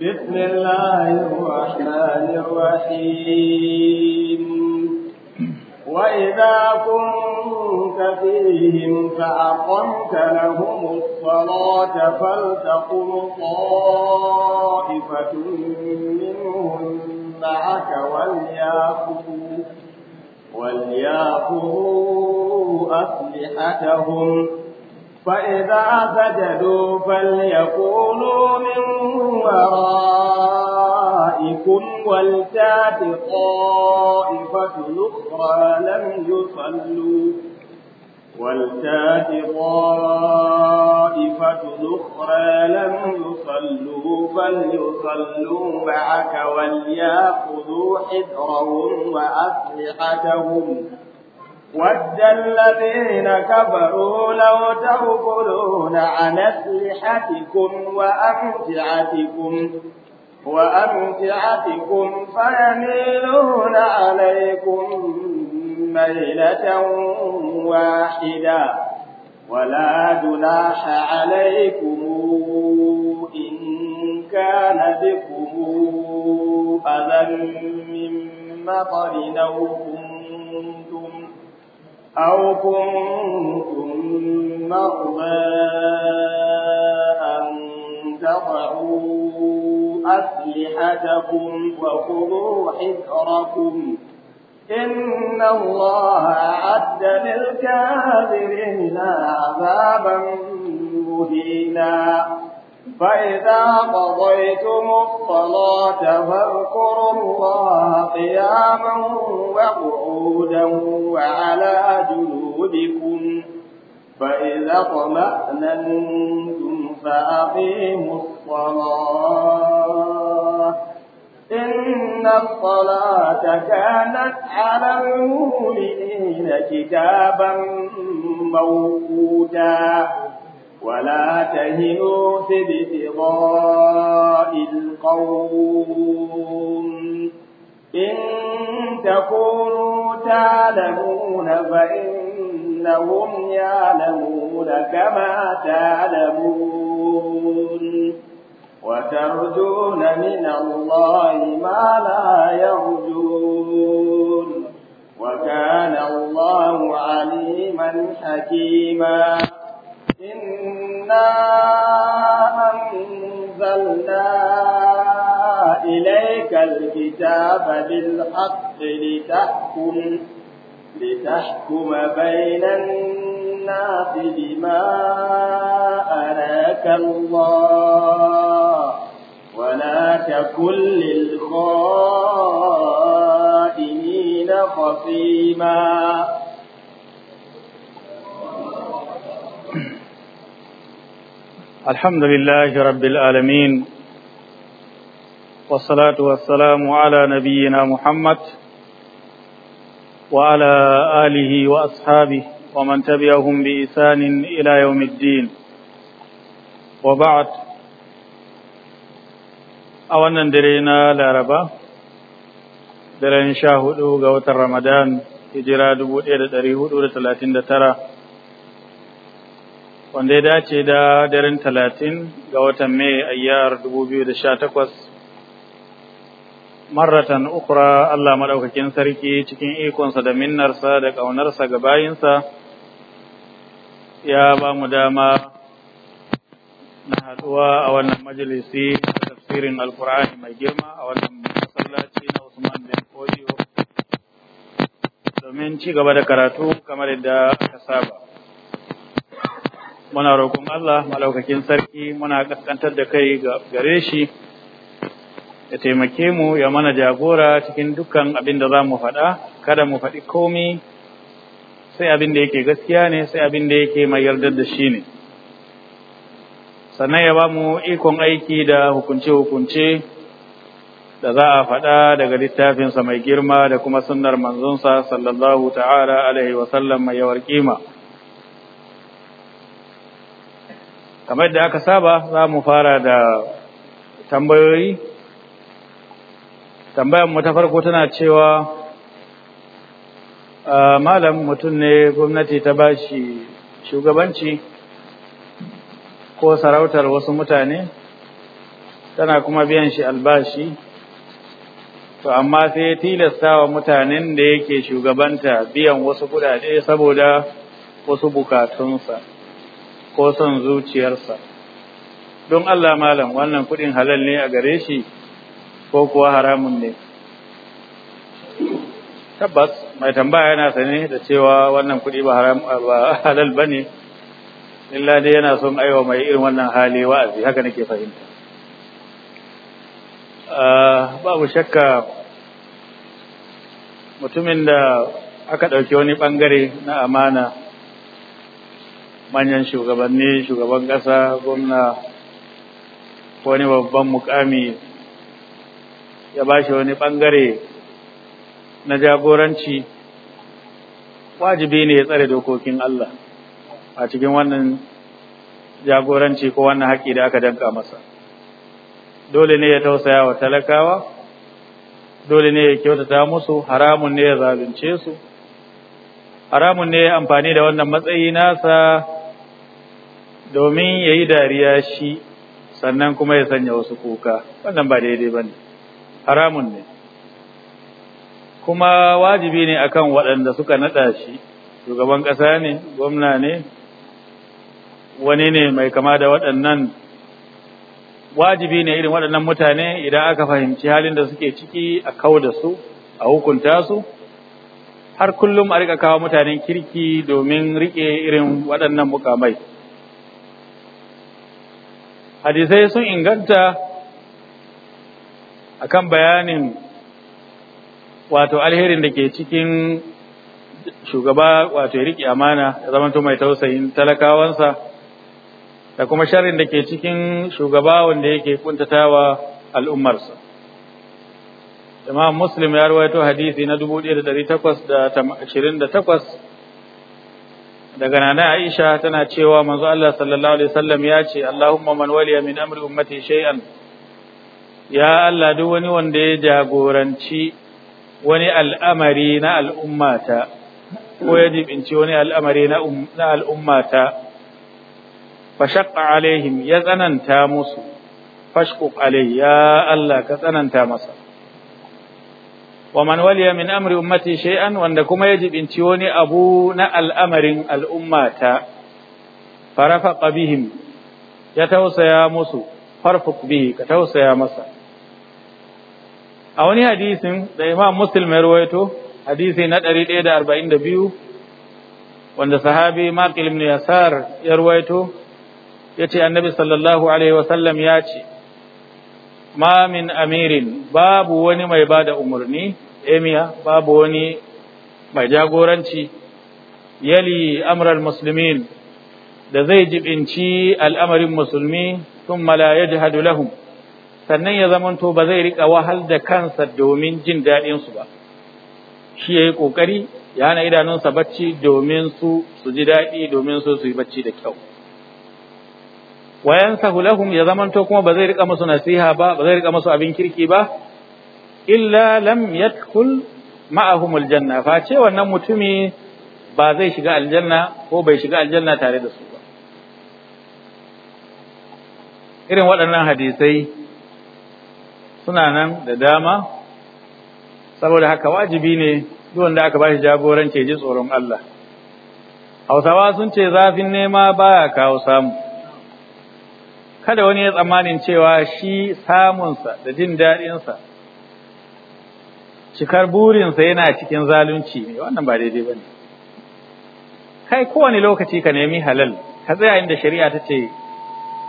بسم الله الرحمن الرحيم وإذا كنت فيهم فأقمت لهم الصلاة فلتقم طائفة منهم معك وليأخذوا وليأخذوا أسلحتهم فإذا سجدوا فليكونوا من ورائكم ولتات طائفة أخرى لم يصلوا ولتات طائفة أخرى لم يصلوا فليصلوا معك وليأخذوا حذرهم وأسلحتهم والذين كفروا لو تغفلون عن أسلحتكم وأمتعتكم وأمتعتكم فيميلون عليكم ميلة واحدة ولا جناح عليكم إن كان بكم أذى من مطر أو كنتم أو كنتم مرضى أن تضعوا أسلحتكم وخذوا حذركم إن الله أعد للكافرين عذابا مهينا فإذا قضيتم الصلاة فاذكروا الله قياما وقعودا وعلى جنوبكم فإذا اطمأننتم فأقيموا الصلاة إن الصلاة كانت على المؤمنين كتابا موقوتا ولا تهنوا في ابتغاء القوم إن تكونوا تعلمون فإنهم يعلمون كما تعلمون وترجون من الله ما لا يرجون وكان الله عليما حكيما إنا أنزلنا إليك الكتاب بالحق لتحكم لتحكم بين الناس بما أراك الله ولا تكن للخائنين خصيما الحمد لله رب العالمين والصلاة والسلام على نبينا محمد وعلى آله وأصحابه ومن تبعهم بإحسان إلى يوم الدين وبعد أولا درينا لاربا درين شاهدوا قوة رمضان إجراد دبوء إلى تريه wanda ya dace da daren talatin ga watan mai ayyar takwas, marratan ukura Allah maɗaukakin sarki cikin ikonsa da minnarsa da ƙaunarsa ga bayinsa ya ba mu dama na haɗuwa a wannan majalisi a tafsirin alkur'ani mai girma a wannan masallaci na Usman bin Kodiyo domin ci gaba da karatu kamar yadda aka saba. muna roƙon Allah malaukakin sarki muna kaskantar da kai gare shi ya taimake mu ya mana jagora cikin dukkan abin da za mu faɗa kada mu faɗi komi sai abin da yake gaskiya ne sai abin da yake mai yardar da shi ne sannan ya ba mu ikon aiki da hukunce-hukunce da za a faɗa daga littafinsa mai girma da kuma sunnar manzonsa sallallahu ta'ala alaihi wasallam mai yawar kima. kamar da aka saba za mu fara da tambayoyi tambayar mu ta farko tana cewa ah, malam mutum ne gwamnati ta bashi shugabanci ko sarautar wasu mutane tana kuma biyan shi albashi to amma sai ya tilasta wa mutanen da yake shugabanta biyan wasu kudade saboda wasu bukatunsa ko son zuciyarsa don Allah malam wannan kuɗin halal ne a gare shi ko kuwa haramun ne tabbas mai tambaya yana sane da cewa wannan kuɗi ba haram ba halal bane illa dai yana son aiwa mai irin wannan hali wa'azi haka nake fahimta ah, babu shakka mutumin da aka ɗauki wani ɓangare na amana manyan shugabanni shugaban ƙasa gwamna wani babban mukami ya ba shi wani bangare na jagoranci wajibi ne ya tsare dokokin Allah a cikin wannan jagoranci ko wannan haƙƙi da aka danka masa dole ne ya tausaya wa talakawa dole ne ya kyautata musu haramun ne ya zalunce su haramun ne amfani da wannan matsayi nasa domin ya yi dariya shi sannan kuma ya sanya wasu kuka wannan ba daidai ba ne haramun ne kuma wajibi ne akan waɗanda suka naɗa shi shugaban ƙasa ne gwamna ne wani ne mai kama da waɗannan wajibi ne irin waɗannan mutane idan aka fahimci halin da suke ciki a kau da su a hukunta su har kullum a rika kawo mutanen kirki domin rike irin waɗannan mukamai hadisai sun inganta akan bayanin wato alherin da ke cikin shugaba wato ya riƙe amana ya zamanto mai tausayin talakawansa da kuma sharrin da ke cikin shugaba wanda yake kuntatawa al'ummarsa. Imam Muslim ya rawaito hadisi na 1828 daga nana Aisha tana cewa manzo Allah sallallahu alaihi wasallam ya ce Allahumma man waliya min amri ummati shay'an ya Allah duk wani wanda ya jagoranci wani al'amari na al'ummata ko ya jibinci wani al'amari na um-, al'ummata fa alaihim ya tsananta musu fashquq alai ya Allah ka tsananta masa wa man waliya min amri ummati shay'an wanda kuma ya jibinci wani abu na al'amarin al'ummata farafa bihim ya tausaya musu farfuk bihi ka tausaya masa a wani hadisin da Imam Muslim ya rawaito hadisi na 142 wanda sahabi Maqil ibn Yasar ya rawaito yace annabi sallallahu alaihi wasallam ya ce ma min amirin babu wani mai bada da umarni emiya babu wani mai jagoranci yali amral muslimin da zai jibinci al'amarin musulmi sun ya jihadu lahum sannan ya zamanto ba zai rika wahal da kansa domin jin daɗinsu ba shi ya yi ƙoƙari, ya hana idanunsa bacci domin su su ji daɗi domin su su yi bacci da kyau wa yansahu lahum ya zamanto kuma ba zai rika musu nasiha ba ba zai rika musu abin kirki ba illa lam yadkhul ma'ahum aljanna fa ce wannan mutumi ba zai shiga aljanna ko bai shiga aljanna tare da su ba irin waɗannan hadisai suna nan da dama saboda haka wajibi ne duk wanda aka bashi jagoranci ji tsoron Allah Hausawa sun ce zafin nema baya kawo samu kada wani ya tsammanin cewa shi samunsa da jin daɗinsa cikar burinsa yana cikin zalunci ne wannan ba daidai ba ne kai kowane lokaci ka nemi halal ka tsaya inda shari'a ta ce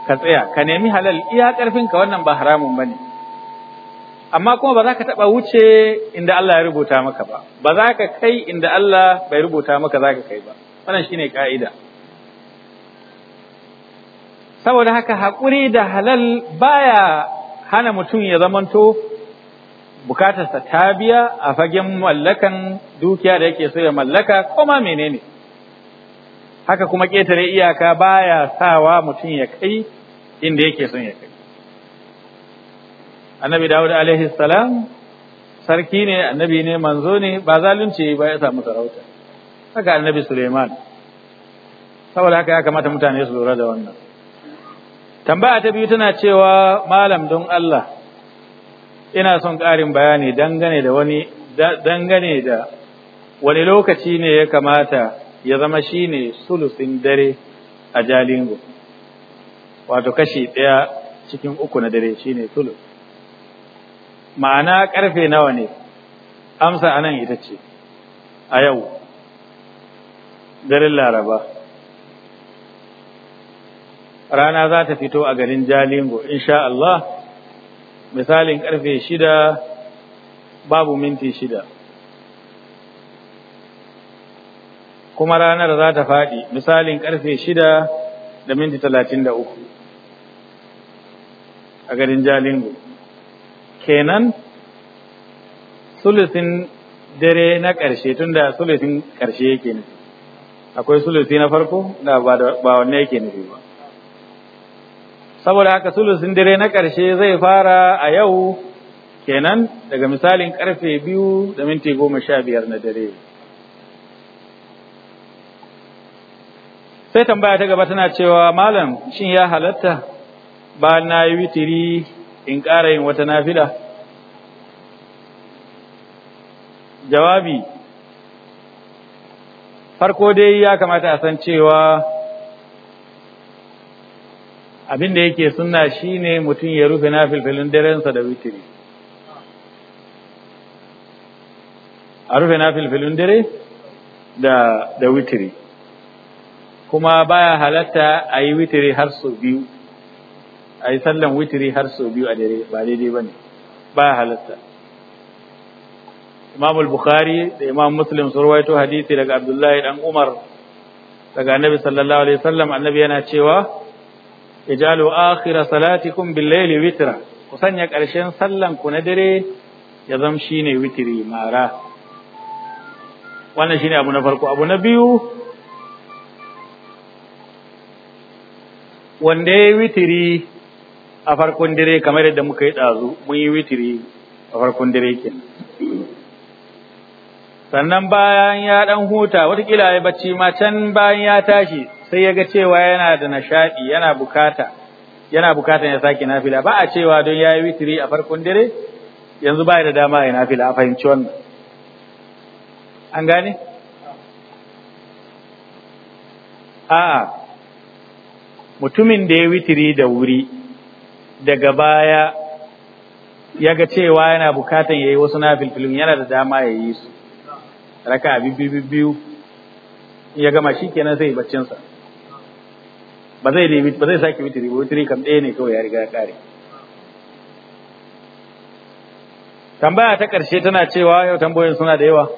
ka tsaya ka nemi halal iya ƙarfinka wannan ba haramun ba ne amma kuma ba za ka taɓa wuce inda Allah ya rubuta maka ba ba za ka kai inda Allah bai rubuta maka za ka kai ba wannan shine ka'ida saboda haka haƙuri da halal baya hana mutum ya zamanto bukatarsa ta biya a fagen mallakan dukiya da yake so ya mallaka ko ma menene haka kuma ƙetare iyaka baya sawa mutum ya kai inda yake son ya kai annabi dawud alaihi salam sarki ne annabi ne manzo ne ba zalunci ba ya samu sarauta haka annabi suleiman saboda haka ya kamata mutane su lura da wannan tambaya ta biyu tana cewa malam don Allah ina son ƙarin bayani dangane da wani dangane da wani lokaci ne ya kamata ya zama shine sulusin dare a jalingo wato kashi ɗaya cikin uku na dare shine sulus ma'ana ƙarfe nawa ne amsa anan ita ce a yau daren laraba rana za ta fito a garin Jalingo insha Allah misalin karfe shida babu minti shida kuma ranar za ta faɗi misalin karfe shida da minti talatin da uku a garin Jalingo kenan sulusin dare na ƙarshe tunda sulusin ƙarshe yake nufi akwai sulusi na farko da ba wanne yake nufi ba saboda haka sulusin dare na ƙarshe zai fara a yau kenan daga misalin ƙarfe biyu da minti goma sha biyar na dare. Sai tambaya ta gaba tana cewa malam shin ya halatta ba na yi witiri in ƙara yin wata nafila? Jawabi, farko dai ya kamata a san cewa abin da yake sunna shine mutum ya rufe nafilfilin darensa da witiri a rufe nafilfilin dare da da witiri kuma baya halatta a yi witiri har sau biyu a yi sallan witiri har sau biyu a dare ba daidai ba ne baya halatta imam al-bukhari da imam muslim sun rawaito hadisi daga abdullahi dan umar daga annabi sallallahu alaihi wasallam annabi yana cewa ijalu akhira salatikum billayli witra ku sanya ƙarshen sallan ku na dare ya zam shine witiri mara wannan shine abu na farko abu na biyu wanda ya yi witiri a farkon dare kamar yadda muka yi ɗazu mun yi witiri a farkon dare kenan sannan bayan ya ɗan huta watakila ya bacci ma can bayan ya tashi sai ya ga cewa yana da nishaɗi yana bukata yana bukata ya sake nafila ba a cewa don ya yi witiri a farkon dare yanzu ba da dama ya nafila a fahimci wannan an gane a'a mutumin da ya witiri da wuri daga baya ya ga cewa yana bukatan ya yi wasu nafilfilin yana da dama ya yi su raka biyu biyu ya gama shi kenan sai baccinsa ba zai nemi ba zai sake mitiri ba mitiri kam ɗaya ne kawai ya riga ya ƙare tambaya ta ƙarshe tana cewa yau tambayoyin suna da yawa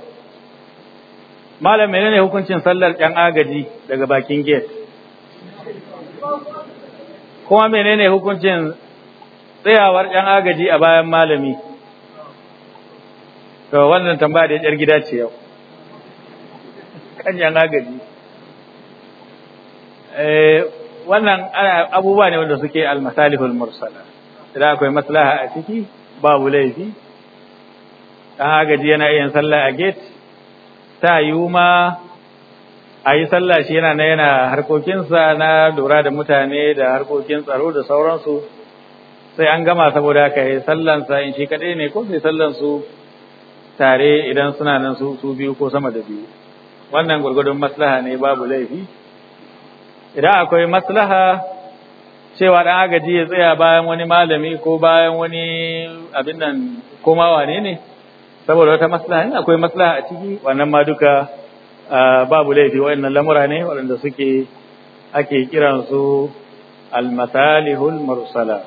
malam menene hukuncin sallar ɗan agaji daga bakin gate kuma menene hukuncin tsayawar ɗan agaji a bayan malami to wannan tambaya da yar gida ce yau kan ɗan agaji eh wannan abubuwa ne wanda suke masalihul mursala idan akwai maslaha a ciki babu laifi dan agaji ji yana yin sallah a gate ta yuma ayi a yi sallah shi yana na yana harkokinsa na dora da mutane da harkokin tsaro da sauransu sai an gama saboda haka yi sallansa in shi kaɗai ne ko sai sallansu tare idan suna nan su biyu ko sama da biyu wannan gurgurdun maslaha ne babu laifi idan akwai maslaha cewa dan agaji ya tsaya bayan wani malami ko bayan wani abin nan koma wane ne saboda wata maslaha in akwai maslaha a ciki wannan ma duka babu laifi wayannan lamura ne waɗanda suke ake kiran su almasalihul mursala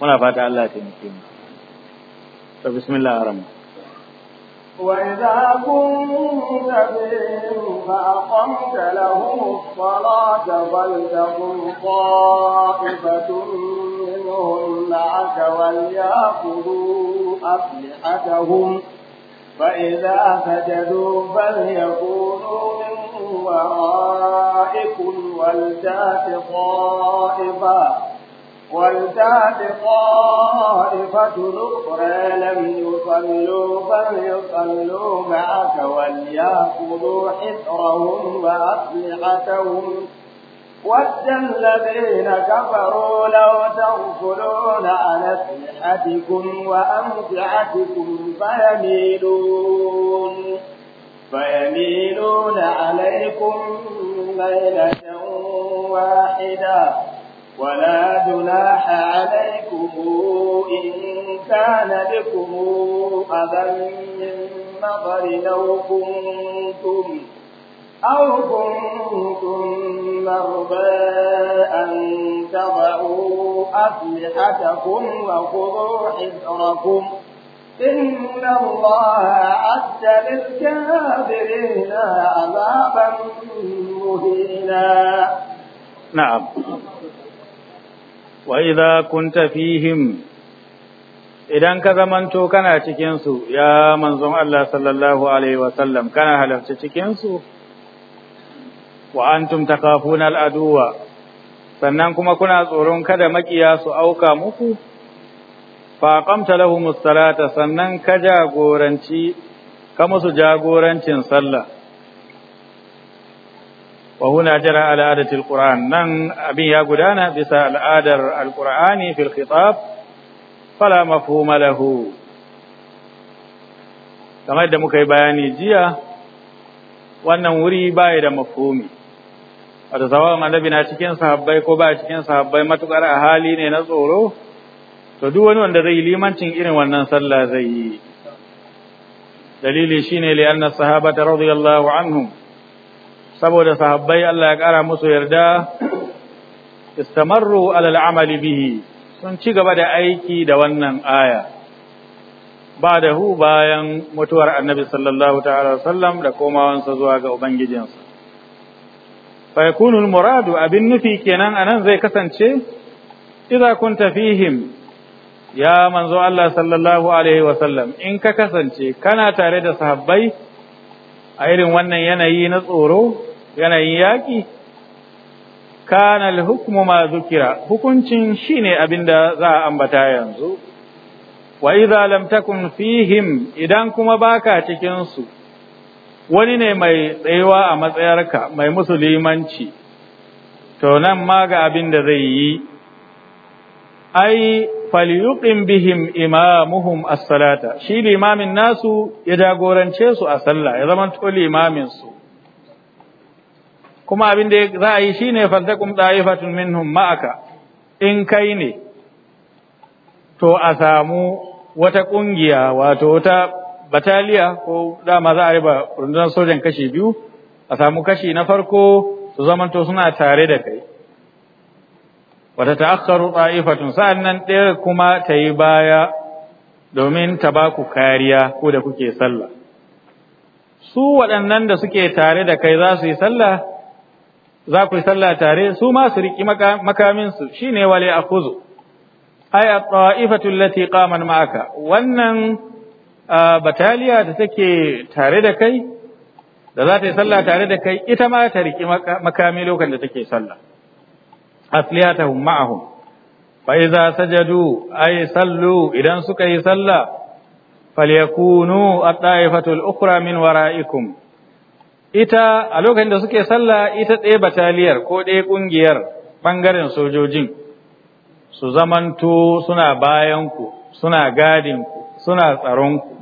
muna fata Allah ya taimake mu to bismillahir rahmanir وإذا كنت بهم فأقمت لهم الصلاة فلتكن طائفة منهم معك وليأخذوا أسلحتهم فإذا سجدوا فليكونوا من ورائكم ولتات طائفة ولتات طائفة أخرى لم يصلوا فليصلوا معك وليأخذوا حذرهم وأسلحتهم ود الذين كفروا لو تغفلون عن أسلحتكم وأمتعتكم فيميلون فيميلون عليكم ليلة واحدة ولا جناح عليكم إن كان بكم أذى من مطر أو كنتم أو كنتم مرضى أن تضعوا أسلحتكم وخذوا حذركم إن الله أدى للكافرين عذابا مهينا نعم wa idza kunta fihim idan ka zamanto kana cikin su ya manzon Allah sallallahu alaihi wa sallam kana halarci cikin su wa antum takafuna al-aduwa sannan kuma kuna tsoron kada makiya su auka muku faƙamta lahumus salata sannan ka jagoranci ka musu jagorancin sallah wa huna jara ala adati alquran nan abin ya gudana bisa al'adar alqur'ani fil khitab fala mafhuma lahu kamar da muka yi bayani jiya wannan wuri baya da mafhumi wato sawan annabi na cikin sahabbai ko ba cikin sahabbai matukar a hali ne na tsoro to duk wani wanda zai limancin irin wannan sallah zai yi dalili shine li anna sahabata radiyallahu anhu. saboda sahabbai Allah ya ƙara musu yarda istamarru alal amali bihi sun ci gaba da aiki da wannan aya ba da hu bayan mutuwar annabi sallallahu ta'ala sallam da komawansa zuwa ga ubangijinsa fa yakunu muradu abin nufi kenan anan zai kasance idza kunta fihim ya manzo Allah sallallahu alaihi wa sallam in ka kasance kana tare da sahabbai a irin wannan yanayi na tsoro yanayin yaƙi kana al-hukmu ma zukira hukuncin shine abinda za a ambata yanzu wa idza lam takun fihim idan kuma baka cikin su wani ne mai tsayuwa a matsayarka mai musulmanci to nan ma ga abin da zai yi ai falyuqim bihim imamuhum as-salata shi limamin nasu ya jagorance su a sallah ya zama to limamin su kuma abin da za a yi shine faltakum da'ifatun minhum ma'aka in kai ne to a samu wata ƙungiya wato wata bataliya ko dama za a yi ba rundunar sojan kashi biyu a samu kashi na farko su zamanto suna tare da kai wata ta'akkaru da'ifatun sa'annan ɗaya kuma ta yi baya domin ta ba ku kariya ko da kuke sallah su waɗannan da suke tare da kai za su yi sallah za ku yi sallah tare su ma su riki shine wale kuzo. Ai at-ta'ifatu allati qaman ma'aka wannan bataliya da take tare da kai da za ta yi sallah tare da kai ita ma ta riki makami lokacin da take sallah asliyatahum ma'ahum fa idza sajadu ai sallu idan suka yi sallah falyakunu at-ta'ifatu al min wara'ikum ita a lokacin da suke sallah ita ɗaya bataliyar ko ɗaya ƙungiyar ɓangaren sojojin su zamanto suna bayanku suna gadinku suna tsaronku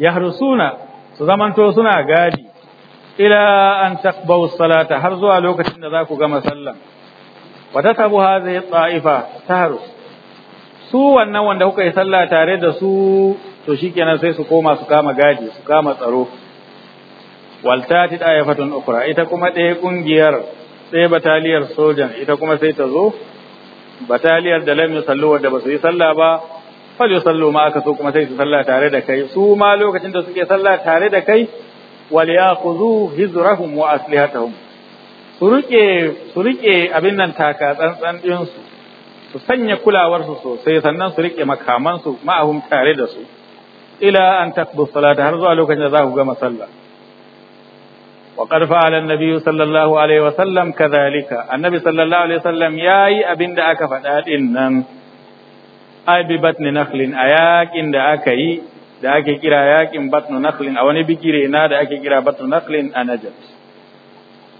yahrusuna su zamanto suna gadi ila an taqbau salata har zuwa lokacin da za ku gama sallah wa tatabu hadhihi ta'ifa tahru su wannan wanda kuka yi sallah tare da su to kenan sai su koma su kama gadi su kama tsaro waltati ayafatun ukra ita kuma ɗaya kungiyar ɗaya bataliyar sojan ita kuma sai ta zo bataliyar da lam yusallu wadda ba su yi sallah ba fal yusallu ma aka so kuma sai su sallah tare da kai su ma lokacin da suke sallah tare da kai wal yakhudhu hizrahum wa aslihatahum su rike su rike abin nan taka tsantsan din su sanya kulawarsu sosai sannan su rike makamansu ma ma'ahum tare da su ila an taqdu salata har zuwa lokacin da za ku gama sallah wa qad fa'ala an-nabiy sallallahu alaihi wa sallam kadhalika annabi sallallahu alaihi wa sallam yayi abinda aka faɗa din nan ai bi batni nakhlin ayakin da aka yi da ake kira yakin batnu nakhlin a wani bigire na da ake kira batnu nakhlin a Najd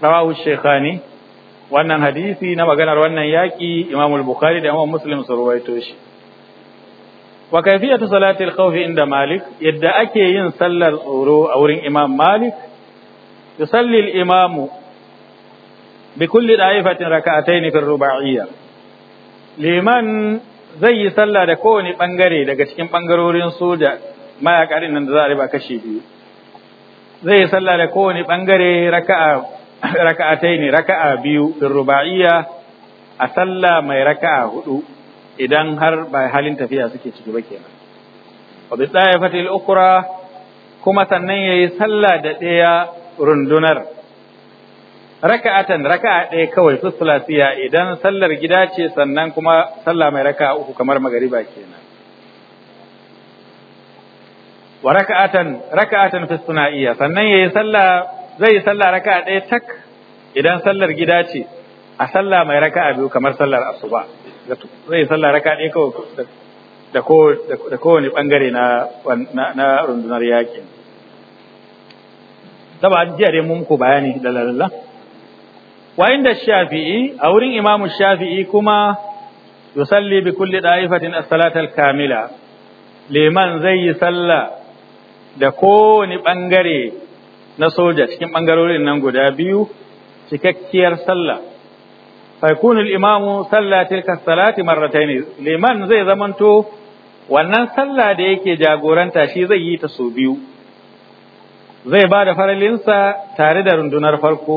rawahu shaykhani wannan hadisi na maganar wannan yaki Imam al-Bukhari da Imam Muslim su ruwaito shi wa kaifiyatu salati al-khawf inda Malik yadda ake yin sallar tsoro a wurin Imam Malik yusalli al-imam bi kulli da'ifatin rak'atayn fi ruba'iyya liman zai yi sallah da kowane bangare daga cikin bangarorin soja mayakarin nan da za a riba kashi biyu zai yi sallah da kowane bangare raka'a raka'atayn raka'a biyu fi ruba'iyya a sallah mai raka'a hudu idan har ba halin tafiya suke ciki ba kenan wa bi ta'ifatil ukra kuma sannan yayi sallah da ɗaya rundunar raka'atan raka'a ɗaya kawai fi sulasiya idan sallar gida ce sannan kuma sallah mai raka'a uku kamar magariba kenan wa raka'atan raka'atan fi sunaiya sannan yayi sallah zai yi sallah raka'a ɗaya tak idan sallar gida ce a sallah mai raka'a biyu kamar sallar asuba zai sallah raka ɗaya kawai da kowane bangare na rundunar yakin saba jiya dai mun ku bayani da lalalla wa da shafi'i a wurin imamu shafi'i kuma yusalli bi kulli da'ifatin as-salatal kamila liman zai yi sallah da kowane bangare na soja cikin bangarorin nan guda biyu cikakkiyar sallah فيكون الإمام صلى تلك الصلاة مرتين لمن زي زمنتو wannan sallah da yake jagoranta shi zai yi ta so biyu zai ba da faralinsa tare da rundunar farko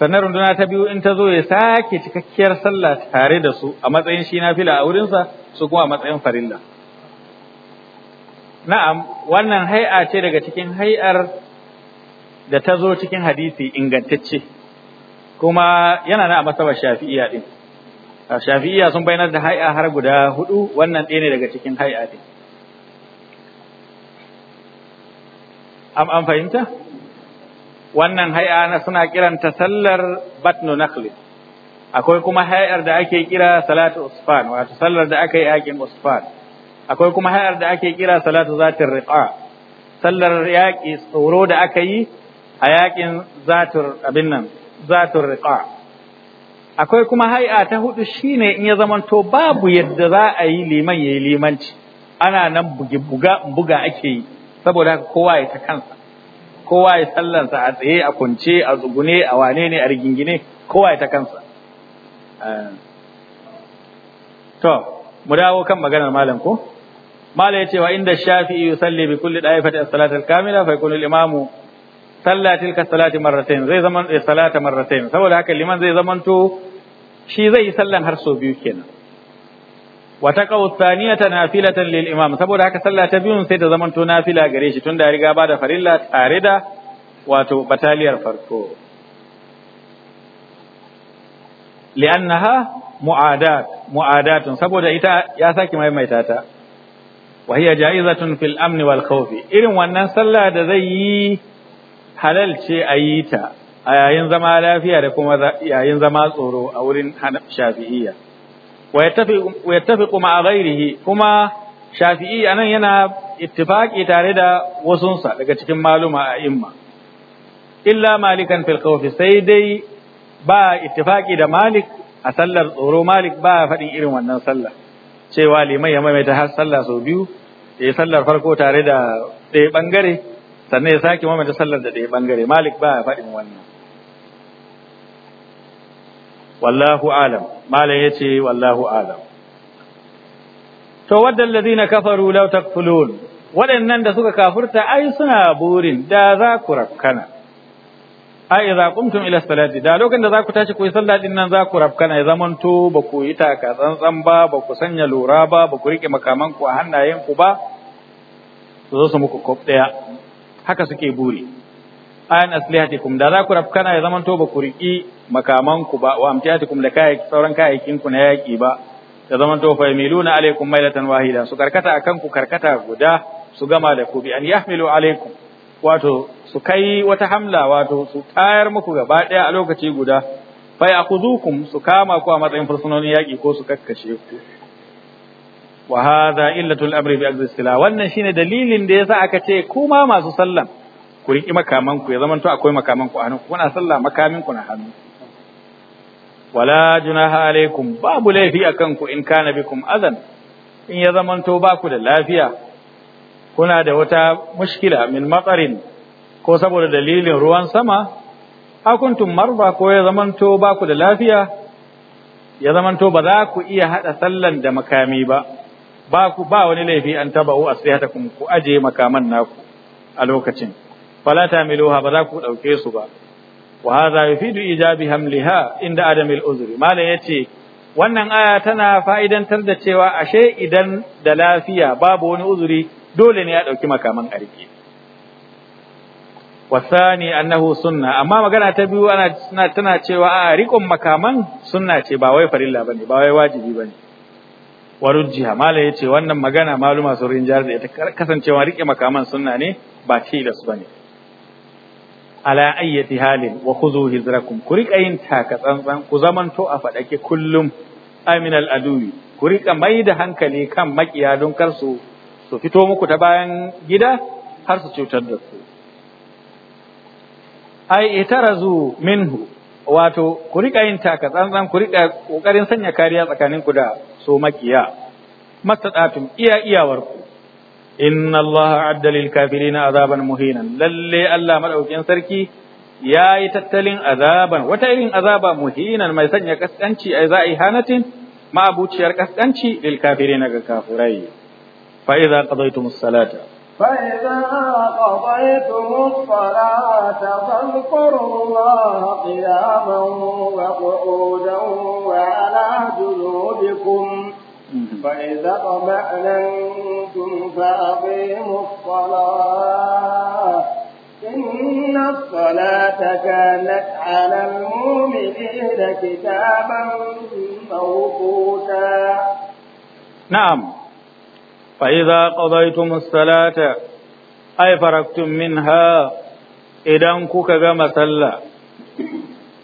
sannan runduna ta biyu in ta zo ya sake cikakkiyar sallah tare da su a matsayin shi nafila a wurinsa su kuma a matsayin farilla na'am wannan hai'a ce daga cikin hai'ar da ta zo cikin hadisi ingantacce kuma yana na a masabar shafi'iya din shafi'iya sun bayyana da hai'a har guda hudu wannan ɗaya ne daga cikin hai'a din am an fahimta wannan hai'a na suna kiranta sallar batnu nakhli akwai kuma hai'ar da ake kira salatu usfan wato sallar da aka yi yakin usfan akwai kuma hai'ar da ake kira salatu zatir riqa sallar yaƙi tsoro da aka yi a yaƙin zatir abin nan zatul riqa akwai kuma hay'a ta hudu shine in ya zamanto babu yadda za a yi liman yayi limanci ana nan bugi buga buga ake yi saboda kowa ya ta kansa kowa ya sallansa a tsaye a kunce a tsugune a wane ne a rigingine kowa ya ta kansa eh. to mu dawo kan maganar malam ko malam ya ce wa inda shafi'i yusalli bi kulli da'ifati as-salata al-kamila fa yakunu al-imamu salla tilka salati marratain zai zaman salata marratain saboda haka liman zai zamanto shi zai yi sallan har sau biyu kenan wa taqaw thaniyata nafilatan lil imam saboda haka sallah ta biyun sai ta zamanto nafila gare shi tunda ya riga ba da farilla tare da wato bataliyar farko li'annaha mu'adat mu'adatun saboda ita ya saki maimaita ta wa hiya ja'izatun fil amni wal khawfi irin wannan sallah da zai yi halal ce a yi ta a yayin zama lafiya da kuma yayin zama tsoro a wurin shafi'iyya wa kuma a ghairihi kuma shafi'i anan yana ittifaqi tare da wasunsa daga cikin maluma a imma illa malikan fil sai dai ba ittifaqi da malik a sallar tsoro malik ba faɗin irin wannan sallar cewa liman ya maimaita har sallah sau biyu ya sallar farko tare da ɗaya bangare sannan ya sake mamanta sallar da ɗaya ɓangare, malik ba faɗin wannan wallahu alam malam yace wallahu alam to wadda alladhina kafaru law takfulun waɗannan da suka kafurta ai suna burin da za ku rafkana ai idza qumtum ila salati da lokacin da za ku tashi ku yi sallah din nan za ku rafkana ya zamanto ba ku yi taka tsantsan ba ba ku sanya lura ba ba ku rike makaman ku a hannayen ku ba su zo su muku kof daya haka suke buri ayan aslihatikum da za ku rafkana ya zaman to ba ku riki makamanku ba wa amtiyatikum da kayayyaki sauran na yaki ba ya zaman to fa yamiluna alaikum mailatan wahida su karkata akan ku karkata guda su gama da ku bi an yahmilu alaikum wato su kai wata hamla wato su tayar muku gaba ɗaya a lokaci guda fa yaquzukum su kama ku a matsayin fursunonin yaki ko su kakkashe ku wa hadha illatul amri bi aqdi sila wannan shine dalilin da yasa aka ce kuma masu sallah ku riki makaman ku ya zamanto akwai makaman ku a hannu kuna sallah makamin ku na hannu wala junaha alaikum babu laifi akan ku in kana bikum azan in ya zamanto ba ku da lafiya kuna da wata mushkila min matsarin ko saboda dalilin ruwan sama akuntum marba ko ya zamanto ba ku da lafiya ya zamanto ba za ku iya hada sallan da makami ba ba ku ba wani laifi an taba taba'u aslihatakum ku aje makaman naku a lokacin fala miluha ba za ku dauke su ba wa hadha yufidu ijabi hamliha inda adamil uzri malam yace wannan aya tana fa'idantar da cewa ashe idan da lafiya babu wani uzuri dole ne ya dauki makaman arki wasani annahu sunna amma magana ta biyu ana tana cewa a rikon makaman sunna ce ba wai farilla bane ba wai wajibi bane warujiha malam ya yace wannan magana maluma sun rinjar da ita kasancewa rike makaman sunna ne ba ce da su bane ala ayyati halin wa khudhu hizrakum ku rika yin taka tsantsan ku zamanto a fadake kullum aminal adui ku rika mai da hankali kan makiya don kar su su fito muku ta bayan gida har su cutar da ku ai itarazu minhu wato ku rika yin taka tsantsan ku rika kokarin sanya kariya tsakaninku da so makiya mastadatun iya iyawarku inna allaha adda lil kafirina azaban muhinan lalle Allah maɗaukin sarki yayi tattalin azaban wata irin azaba muhinan mai sanya kaskanci za a yi hanatin ma'abuciyar kaskanci lil kafirina ga kafurai fa idza qadaytumus salata فإذا قضيتم الصلاة فاذكروا الله قياما وقعودا وعلى جنوبكم فإذا اطمأننتم فأقيموا الصلاة إن الصلاة كانت على المؤمنين كتابا موقوتا نعم فإذا قضيتم الصلاة أي فرقتم منها إذا كوكا غما صلى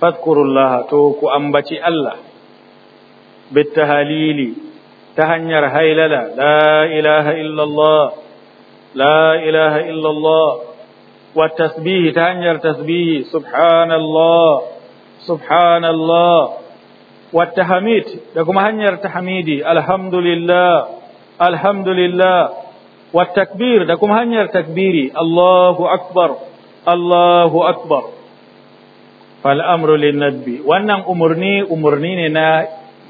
فاذكروا الله توكو أمبتي الله بالتهاليل تهنير هيللا لا إله إلا الله لا إله إلا الله والتسبيه تهنير تسبيه سبحان الله سبحان الله والتحميد لكم هنير تحميدي الحمد لله alhamdulillah wa takbir da kuma hanyar takbiri Allahu akbar Allahu akbar fal amru lin wannan umurni umurni ne na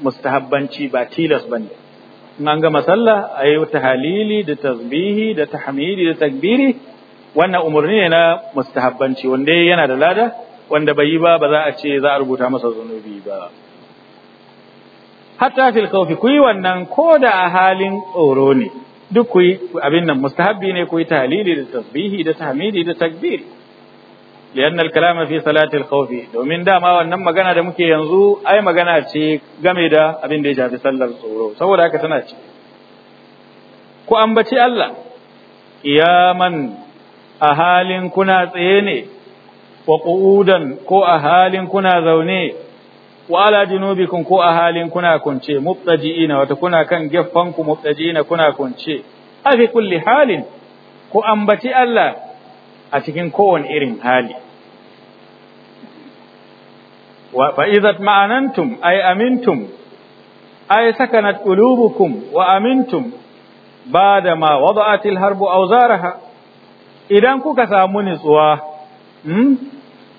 mustahabbanci ba tilas bane in an gama sallah ayi halili da tasbihi da tahmidi da takbiri wannan umurni ne na mustahabbanci wanda yana da lada wanda bai yi ba ba za a ce za a rubuta masa zunubi ba hatta fil khawfi kuyi wannan ko da a halin tsoro ne duk ku abin nan mustahabbi ne kuyi tahlili da tasbihi da tahmidi da takbiri lianna al kalama fi salati al khawfi domin dama wannan magana da muke yanzu ai magana ce game da abin da ya shafi sallar tsoro saboda haka tana ce ku ambaci Allah qiyaman a halin kuna tsaye ne wa qu'udan ko a halin kuna zaune wa ala junubikum ko a halin kuna kunce mubtaji'ina wata kuna kan geffanku mubtaji'ina kuna kunce a fi kulli halin ku ambaci Allah a cikin kowane irin hali wa fa ma'anantum ai amintum ai sakanat qulubukum wa amintum ba bada ma wada'at al-harbu awzaraha idan kuka samu nitsuwa hmm,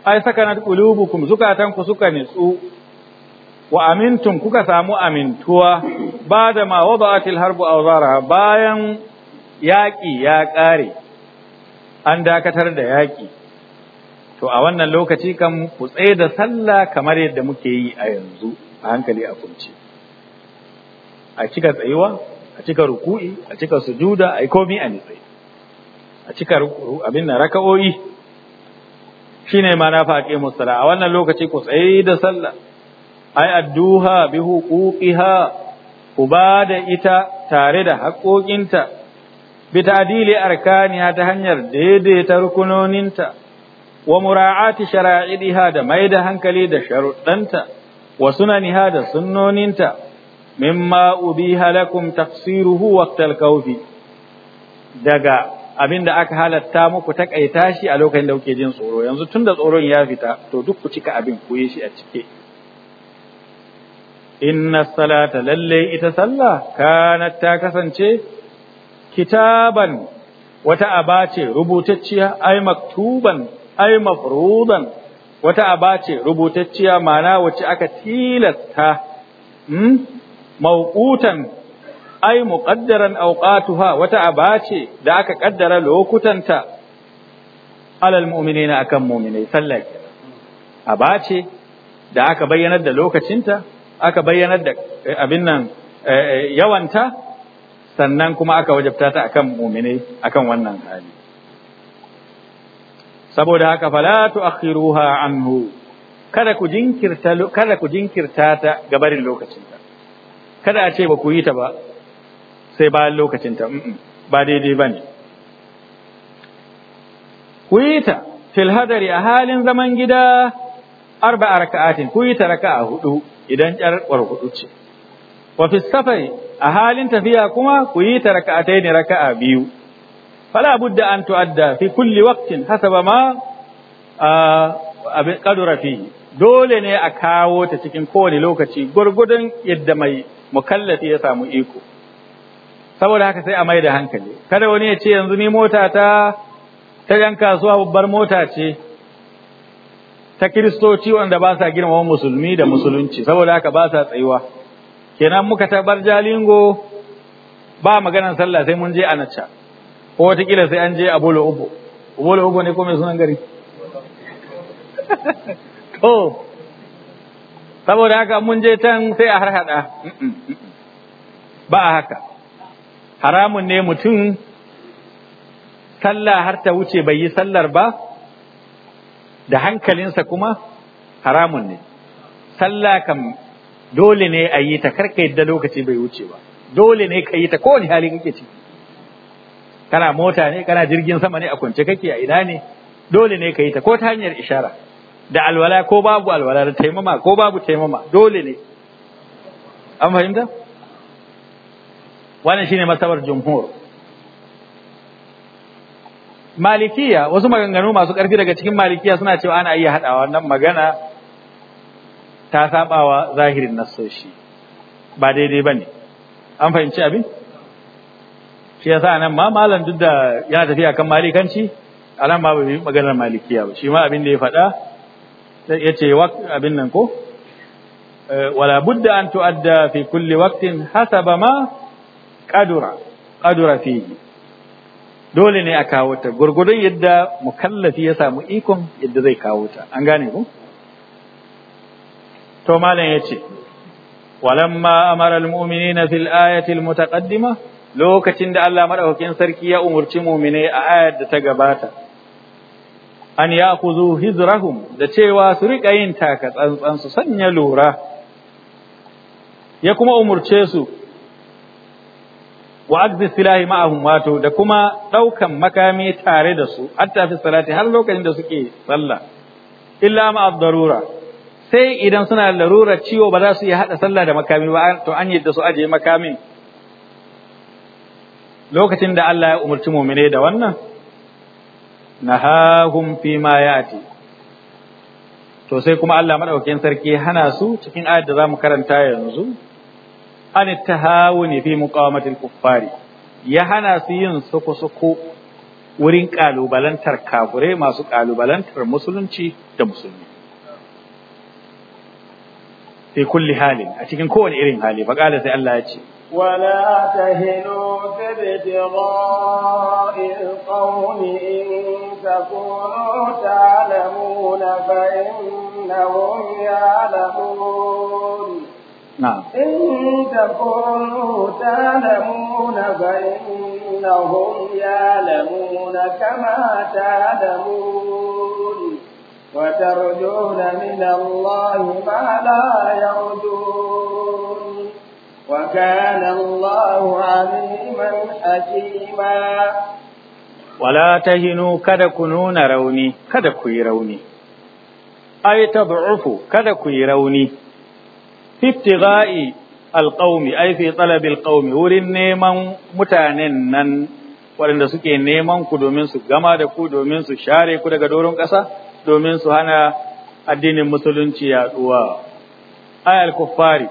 ai sakanat qulubukum zukatan ku suka nitsu wa amintum kuka samu amintuwa ba da ma ba'atil harbu awzara bayan yaƙi ya ƙare an dakatar da yaƙi to a wannan lokaci kan ku tsaye da sallah kamar yadda muke yi a yanzu a hankali a kunce a cika tsayuwa a cika ruku'i a cika sujuda a komi a nitsayi a cika abin na raka'o'i shine ma na faƙe musala a wannan lokaci ku tsaye da sallah ai adduha bi huquqiha ku ba ita tare da haƙoƙinta bi ta'dili arkaniya ta hanyar daidaita rukunoninta wa mura'ati shara'idiha da mai da hankali da sharuɗanta wa sunaniha da sunnoninta mimma ubiha lakum tafsiruhu waqtal kawfi daga abin da aka halatta muku takaita shi a lokacin da kuke jin tsoro yanzu tunda tsoron ya fita to duk ku cika abin ku yi shi a cike inna salata lalle ita sallah kanat ta kasance kitaban wata abace rubutacciya ai maktuban ai mafrudan wata abace rubutacciya mana wacce aka tilasta hmm? mawqutan muƙaddaran muqaddaran awqatuha wata abace da aka kaddara lokutanta alal mu'minina akan mu'minai sallah Abace aba ce da aka bayyanar da lokacinta aka bayyanar da eh, abin nan eh, eh, yawanta sannan kuma aka wajabta ta akan mu'minai akan wannan hali saboda haka fala tu'akhiruha anhu kada ku jinkirta kada ku jinkirta ta gabarin lokacinta kada a ce ba ku yi ta ba sai bayan lokacinta ba daidai ba ne ku yi ta fil hadari a halin zaman gida arba'a raka'atin ku yi ta raka'a hudu idan ƙyar kwarkudu ce wa fi a halin tafiya kuma ku yi ta raka'atai ne raka'a biyu fala budda an tu'adda fi kulli waqtin hasaba ma abin ƙadurafi dole ne a kawo ta cikin kowane lokaci gurgudun yadda mai mukallafi ya samu iko saboda haka sai a mai da hankali kada wani ya ce yanzu ni mota ta ta yan kasuwa babbar mota ce ta kiristoci wanda ba sa wa musulmi da musulunci saboda haka ba sa tsayuwa kenan muka tabar jalingo ba maganar sallah sai mun je a anacha ko wataƙila sai an je bolo ubo bolo ubo ne ko mai sunan gari to saboda haka mun je can sai a harhaɗa ba a haka haramun ne mutum sallah har ta wuce bai yi sallar ba da hankalinsa kuma haramun ne sallah kam dole ne a yi ta karka yadda lokaci bai wuce ba dole ne ka yi ta kowane hali kake ciki kana mota ne kana jirgin sama ne a kwance kake a ina ne dole ne ka yi ta ko ta hanyar ishara da alwala ko babu alwala da taimama ko babu taimama dole ne an fahimta wannan shine masabar jumhur malikiya wasu maganganu masu ƙarfi daga cikin malikiya suna cewa ana iya haɗawa wannan magana ta sabawa zahirin nassoshi ba daidai ba ne an fahimci abin shi ya sa nan ma malam duk da yana tafiya kan malikanci alam ma bai maganar malikiya ba shi ma abin da ya faɗa ya ce abin nan ko eh, wala budda an tu'adda fi kulli waktin hasaba ma kadura kadura fihi dole ne a kawo ta gurgudun yadda mukallafi ya samu ikon yadda zai kawo ta an gane ku to malam yace walamma amara almu'minina fil ayati almutaqaddima lokacin da Allah madaukakin sarki ya umurci mu'minai a ayar da ta gabata an ya'khudhu hizrahum da cewa su rika yin taka tsantsan su sanya lura ya kuma umurce su wa akhdhi silahi ma'ahum wato da kuma daukan makami tare da su hatta fi salati har lokacin da suke sallah illa ma darura sai idan suna larura ciwo ba za su iya hada sallah da makami ba to an yadda su aje makamin lokacin da Allah ya umarci mu'mine da wannan nahahum fi ma yati to sai kuma Allah madaukakin sarki hana su cikin ayat da zamu karanta yanzu an tahawuni fi muqamatil kuffari ya hana su yin suku suku wurin kalubalantar kafure masu kalubalantar musulunci da musulmi fi kulli halin a cikin kowane irin hali fa kala sai Allah ya ce ولا تهنوا في ابتغاء القوم إن تكونوا تعلمون فإنهم يعلمون da muni ta da muni. na mu a himmana ya rujunni. Waƙan anwaku abin a cikin Wala ta hinu, kada ku nuna rauni, kada ku yi rauni. Ai ta buɗuɗfu, kada ku yi rauni. fiftiga'i alƙaumi ai fi talabil qaumi wurin neman mutanen nan waɗanda suke neman ku domin su gama da ku domin su share ku daga doron ƙasa domin su hana addinin musulunci yaɗuwa ayal kuffari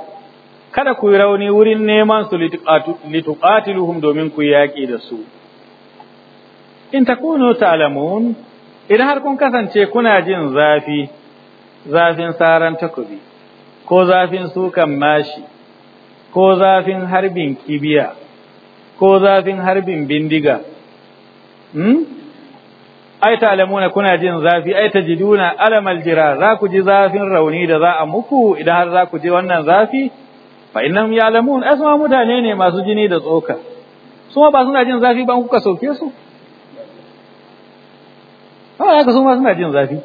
kada ku yi rauni wurin neman su lituqatiluhum domin ku yaƙi da su in takunu ta'lamun idan har kun kasance kuna jin zafi zafin saran takobi ko zafin sukan mashi ko zafin harbin kibiya ko zafin harbin bindiga hmm? ai ta'lamuna kuna jin zafi ai ta jiduna alamal jira za ku ji zafin rauni da za a muku idan har za ku ji wannan zafi fa innam ya'lamun asma mutane ne masu jini da tsoka su ba suna jin zafi ba kuka sauke su ba haka su ma suna jin zafi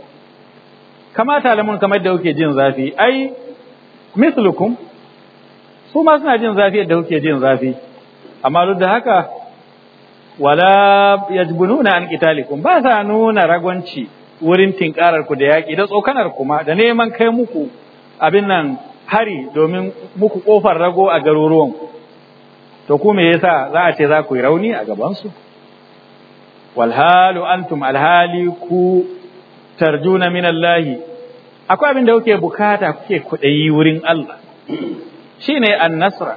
kamata lamun kamar da kuke jin zafi ai mislukum su ma suna jin zafi yadda kuke jin zafi amma duk da haka wala yajbununa an qitalikum ba sa nuna ragwanci wurin tinkarar ku da yaki da tsokanar kuma da neman kai muku abin nan hari domin muku kofar rago a garuruwan to ku me yasa za a ce za ku yi rauni a gaban su wal halu antum al hali ku tarjuna min allahi akwai abin da kuke bukata kuke kuɗayi wurin Allah shine an nasara.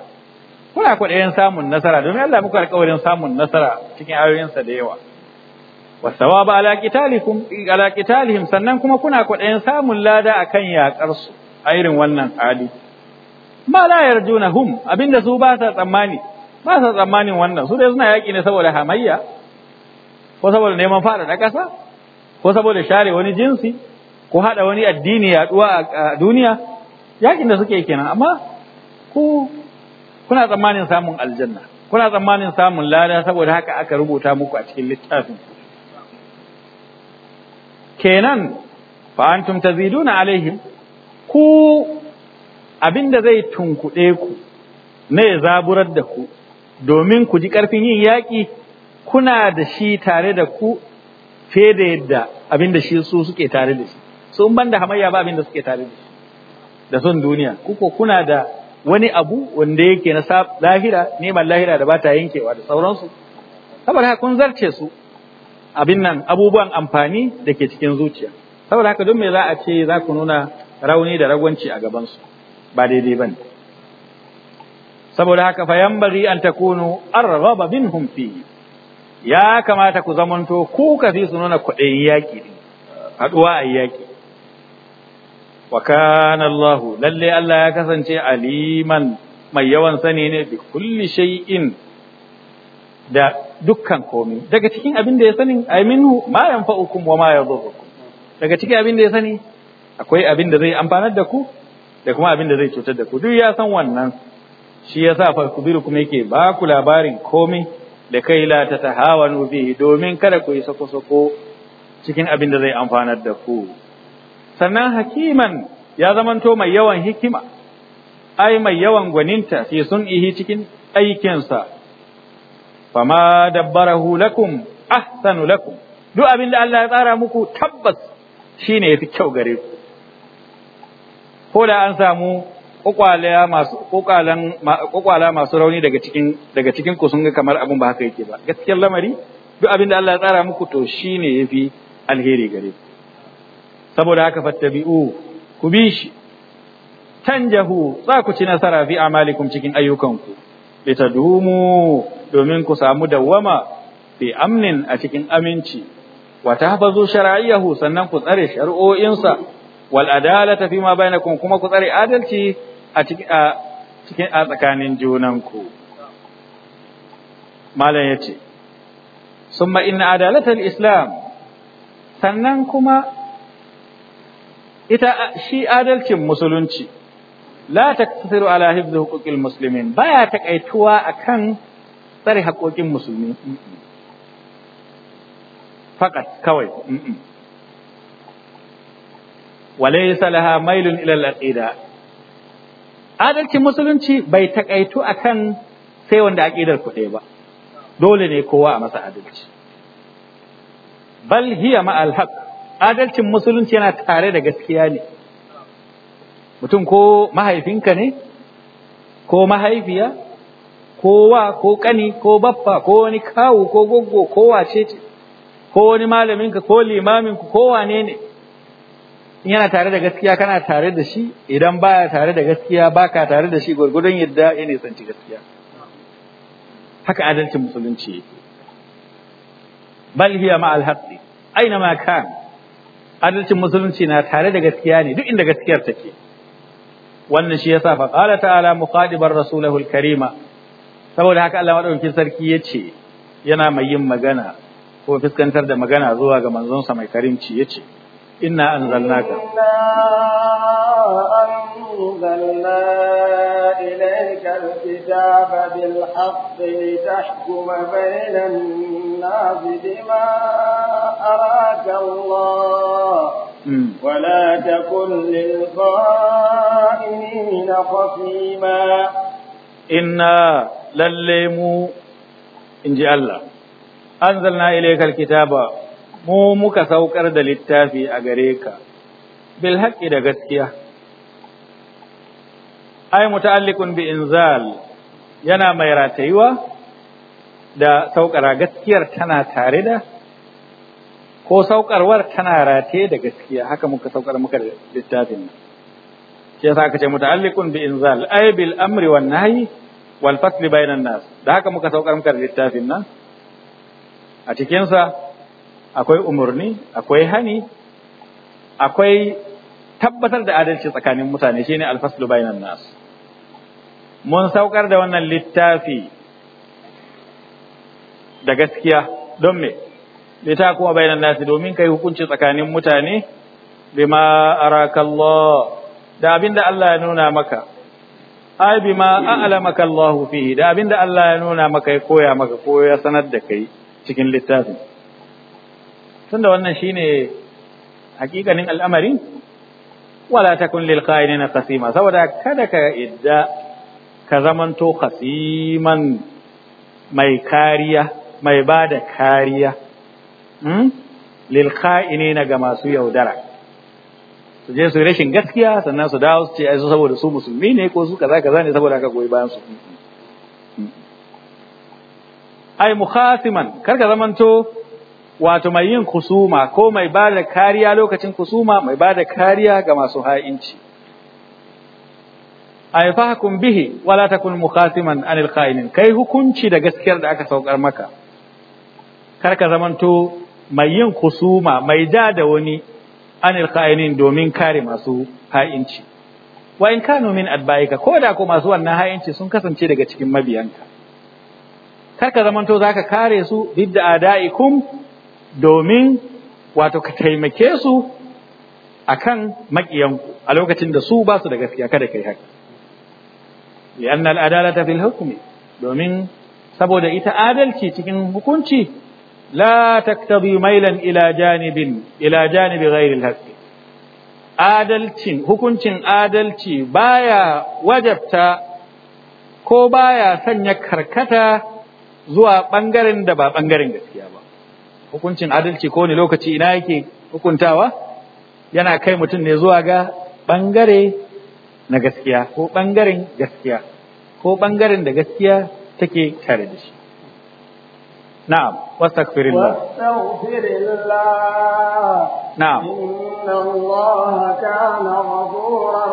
kuna kuɗayin samun nasara domin Allah muku alƙawarin samun nasara cikin ayoyinsa da yawa wasawa ala qitalikum ala sannan kuma kuna kuɗayin samun lada akan yaƙar su a irin wannan hali ma la hum, abinda su ba sa tsammani ba sa tsammanin wannan su dai suna yaƙi ne saboda hamayya ko saboda neman fara da ƙasa ko saboda share wani jinsi ko haɗa wani addini yaɗuwa a duniya yakin da suke kenan amma ku kuna tsammanin samun aljanna kuna tsammanin samun lada saboda haka aka rubuta muku a cikin littafin kenan fa antum taziduna alaihim ku abinda zai tunkuɗe ku ne zaburar da ku domin ku ji ƙarfin yin yaƙi kuna da shi tare da ku fiye da yadda abinda shi su suke tare da shi sun ban da hamayya ba abin da suke tare da son duniya kuko kuna da wani abu wanda yake na lahira neman lahira da ba ta yankewa da sauransu saboda haka kun zarce su abin nan abubuwan amfani da ke cikin zuciya saboda haka don me za a ce za ku nuna rauni da ragwanci a gabansu ba daidai ba ne saboda haka fayan bari an ta takunu arghaba minhum fi ya kamata ku zamanto ku ka fi su nuna kuɗin yaƙi haɗuwa a yaƙi wa kana Allah lalle Allah ya kasance aliman mai yawan sani ne bi kulli shay'in da dukkan komai daga cikin abin da ya sani aminu ma yanfa'ukum wa ma yadhurukum daga cikin abin da ya sani akwai abin da zai amfanar da ku da kuma abin da zai cutar da ku duk ya san wannan shi yasa fa kubirukum yake ba ku labarin komai da kai la tahawanu bihi domin kada ku yi sako-sako cikin abin da zai amfanar da ku sannan hakiman ya zamanto mai yawan hikima ai mai yawan gwaninta fi sun'ihi cikin aikinsa fama dabbarahu lakum ahsanu lakum duk abin da Allah ya tsara muku tabbas shine yafi kyau gare ku ko da an samu kokwala masu rauni daga cikin ku sun ga kamar abin ba haka yake ba gaskiyar lamari duk abin da Allah ya tsara muku to shine yafi alheri gare ku saboda haka fattabi'u ku bi shi tanjahu za ku ci nasara fi amalikum cikin ayyukanku litadumu domin ku samu dawwama fi amnin a cikin aminci wa tahfazu shar'iyyahu sannan ku tsare shar'o'insa wal adalata fi ma bainakum kuma ku tsare adalci a cikin a tsakanin junanku malam yace summa inna adalatal islam sannan kuma ita shi adalcin musulunci la taktasiru ala hifdhi huquqil muslimin baya takaituwa akan tsare haƙoƙin musulmi fakat kawai walaysa laha mailun ila al-aqida adalcin musulunci bai takaitu akan sai wanda aqidar ku ba dole ne kowa a masa adalci bal hiya ma al-haqq adalcin musulunci yana tare da gaskiya ne mutum ko mahaifinka ne ko mahaifiya ko wa ko kani ko baffa ko wani kawo ko goggo ko wace ce ko wani malaminka ko limaminku ko wane ne yana tare da gaskiya kana tare da shi idan baya tare da gaskiya baka tare da shi gurgudun yadda ya nisanci gaskiya haka adalcin musulunci yake bal hiya ma'al haqqi aina ma kana adalcin musulunci na tare da gaskiya ne duk inda gaskiyar take wannan shi yasa fa qala ta'ala muqadiban rasulahul karima saboda haka Allah madaukakin sarki yace yana mai yin magana ko fuskantar da magana zuwa ga manzonsa mai karimci yace إنا أنزلناك إنا أنزلنا إليك الكتاب بالحق لتحكم بين الناس بما أراك الله ولا تكن للخائنين خصيما إنا لليمو إن جاء الله أنزلنا إليك الكتاب mu muka saukar da littafi a gare ka bil haƙƙi da gaskiya ay muta'alliqun bi inzal yana mai ratayuwa da saukara gaskiyar tana tare da ko saukarwar tana rataye da gaskiya haka muka saukar muka da littafin nan Ke sa aka ce muta'alliqun bi inzal Ai bil amri wan nahyi wal fasl bainan nas da haka muka saukar muka da littafin nan a cikinsa. akwai umarni akwai hani akwai tabbatar da adalci tsakanin mutane shine alfaslu bainan nas mun saukar da wannan littafi da gaskiya don me Littafi kuma bainan nasi domin kai hukunci tsakanin mutane bima arakallah da abinda Allah ya nuna maka ai bima a'lamaka Allah fihi da abinda Allah ya nuna maka ya koya maka ko ya sanar da kai cikin littafin tunda wannan shine hakikanin al'amari wala takun lil qa'inina qasima saboda kada ka idda ka zamanto qasiman mai kariya mai bada kariya hmm? lil qa'inina ga masu yaudara su je su rashin gaskiya sannan su dawo su ce ai saboda su musulmi ne ko su kaza kaza ne saboda haka goyi bayan su hmm. ai mukhasiman kar ka zamanto wato mai yin kusuma ko mai ba da kariya lokacin kusuma mai ba da kariya ga masu ha'inci ay fahkum bihi wala takun mukhasiman anil kha'inin kai hukunci da gaskiyar da aka saukar maka kar ka zamanto mai yin kusuma mai da da wani anil kha'inin domin kare masu ha'inci wa in kanu min adbaika ko da ko masu wannan ha'inci sun kasance daga cikin mabiyanka kar ka zamanto zaka kare su bidda adaikum domin wato ka taimake su akan maƙiyanku a lokacin da su ba su da gaskiya kada yi haka li'anna al'adalata fil hukmi domin saboda ita adalci cikin hukunci la taktabi mailan ila janibin ila janibi ghairil haqqi adalcin hukuncin adalci baya wajabta ko baya sanya karkata zuwa bangaren da ba bangaren gaskiya ba hukuncin adalci ko ne lokaci ina yake hukuntawa yana kai mutum ne zuwa ga bangare na gaskiya ko bangaren gaskiya ko bangaren da gaskiya take tare da shi na'am واستغفر الله واستغفر الله نعم إن الله كان غفورا